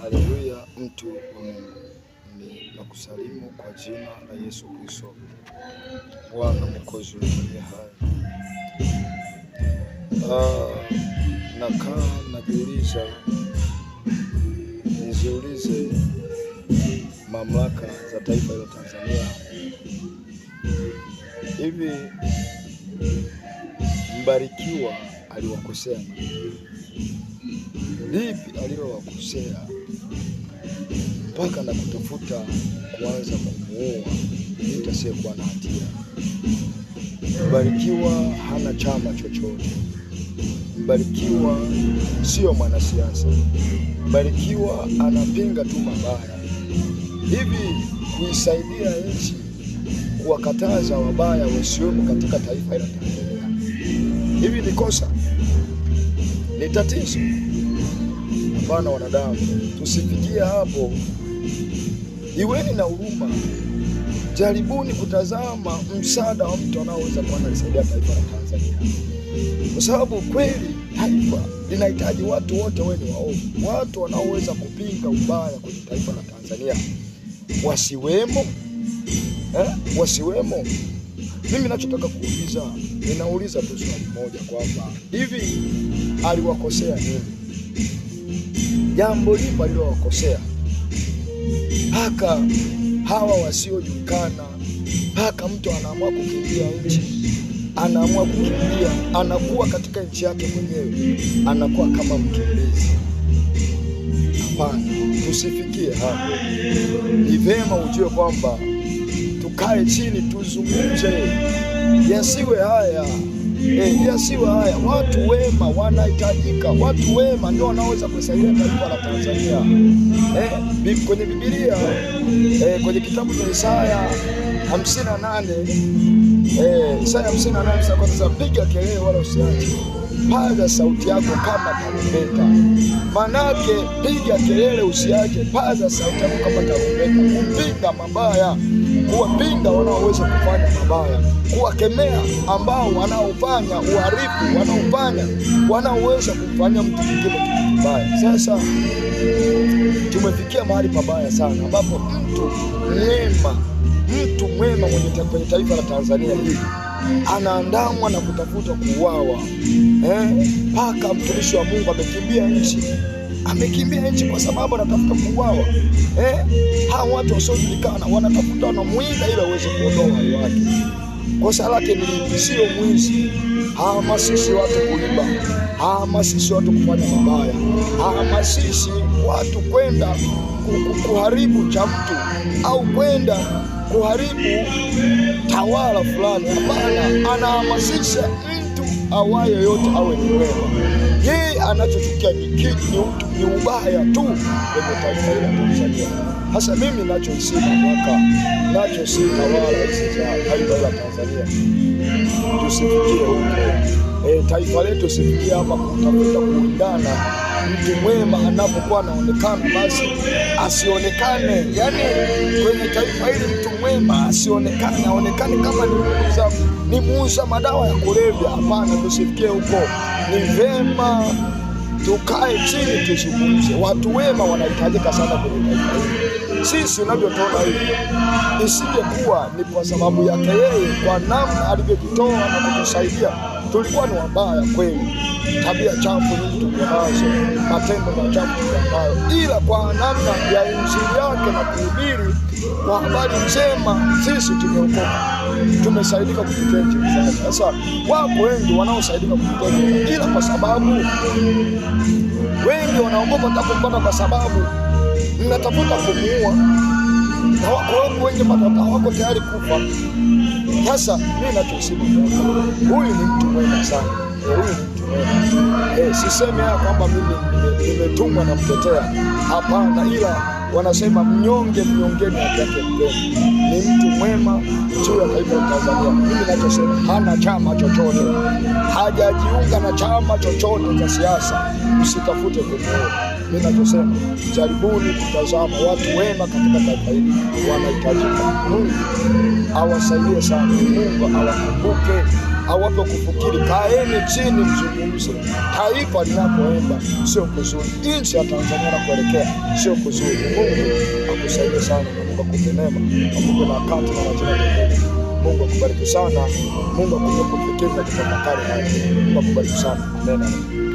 Haleluya, mtu wa Mungu, ninakusalimu kwa jina la Yesu Kristo, Bwana Mwokozi aliye hai. Ah, nakaa najiuliza, niziulize mamlaka za taifa la Tanzania, hivi Mbarikiwa aliwakosea lipi alilowakosea mpaka na kutafuta kuanza kumuua mtu na hatia. Mbarikiwa hana chama chochote. Mbarikiwa siyo mwanasiasa. Mbarikiwa anapinga tu mabaya. Hivi kuisaidia nchi kuwakataza wabaya wasiomo katika taifa la Tanzania, hivi ni kosa? Ni tatizo? Hapana wanadamu, tusifikie hapo. Iweni na huruma, jaribuni kutazama msaada wa mtu anaoweza kuwa analisaidia taifa la Tanzania, kwa sababu kweli taifa linahitaji watu wote weni waovu, watu wanaoweza kupinga ubaya kwenye taifa la Tanzania wasiwemo, eh? Wasiwemo. Mimi nachotaka kuuliza, ninauliza tu swali moja kwamba hivi aliwakosea nini? jambo lipo alilowakosea, mpaka hawa wasiojulikana, mpaka mtu anaamua kukimbia nchi, anaamua kukimbia, anakuwa katika nchi yake mwenyewe, anakuwa kama mkimbizi. Hapana, tusifikie hapo. Ni vema ujue kwamba tukae chini, tuzungumze, yasiwe haya Siwa haya, watu wema wanahitajika. Watu wema ndio wanaweza kusaidia taifa la Tanzania. Eh, kwenye Biblia eh, kwenye kitabu cha Isaya 58 nane eh, Isaya 58 kwanza, piga kelele wala usiache, paza sauti yako kama tarumbeta. Manake piga kelele, usiache, paza sauti yako kama tarumbeta, kupinga mabaya kuwapinga wanaoweza kufanya mabaya, kuwakemea ambao wanaofanya uharifu, wanaofanya wanaoweza kufanya mtu mwingine kitu kibaya. Sasa tumefikia mahali pabaya sana, ambapo mtu mwema, mtu mwema kwenye taifa la Tanzania hili anaandamwa na kutafuta kuuawa eh, mpaka eh, mtumishi wa Mungu amekimbia nchi amekimbia nchi kwa sababu anatafuta kuuawa. Eh, hao watu wasiojulikana wanatafuta na mwiga ili waweze kuondoa uhai wake. Kosa lake ni sio mwizi, hahamasishi watu kuiba, hahamasishi watu kufanya mabaya, hahamasishi watu kwenda kuharibu cha mtu au kwenda kuharibu tawala fulani. Hapana, anahamasisha awaye yote awe ni mwema. Yeye anachochukia ni ni mtu ni ubaya tu kwenye taifa la Tanzania. Hasa mimi nachoisika mwaka nachosika wala hizi za taifa la Tanzania tusifikie huko. E, taifa letu sifikia hapa kutafuta kuundana. Mtu mwema anapokuwa anaonekana basi asionekane, yani kwenye taifa hili mtu mwema asionekane, aonekane kama ni muuza madawa ya kulevya. Hapana, tusifikie huko. Ni vema tukae chini tuzungumze. Watu wema wanahitajika sana kwenye taifa hili. Sisi unavyotuona hivi, isingekuwa ni kwa sababu yake yeye, kwa namna alivyojitoa na kutusaidia tulikuwa ni wabaya kweli, tabia chafu nyingi tulionazo, matendo machafu ambayo ila kwa namna ya injili yake na kuhubiri kwa habari njema, sisi tumeokoka, tumesaidika kupitia injili zake. Sasa wapo wengi wanaosaidika kupitia, ila kwa sababu wengi wanaogopa takupata, kwa sababu mnatafuta kumuua, na wako wengi bado wako tayari kufa sasa mimi nachosimu huyu ni mtu mwema sana, eh, huyu ni mtu mwema eh, siseme haya kwamba mimi nimetumwa na mtetea, hapana, ila wanasema mnyonge mnyongeni haki yake Ni mtu mwema juu ya taifa la Tanzania. Mimi nachosema hana chama chochote, hajajiunga na chama chochote cha siasa, msitafute kumuona ninachosema, jaribuni kutazama watu wema katika taifa hili wanahitaji Mungu awasaidie sana, Mungu awakumbuke awape kufikiri. Kaeni chini mzungumze. Taifa linapoenda sio kuzuri, nchi ya Tanzania na kuelekea sio kuzuri. Mungu akusaidie sana, na Mungu akupe neema, akupe na wakati na majira mengine. Mungu akubariki sana, Mungu akupe kufikiri katika kutafakari haya. Mungu akubariki sana. Amen.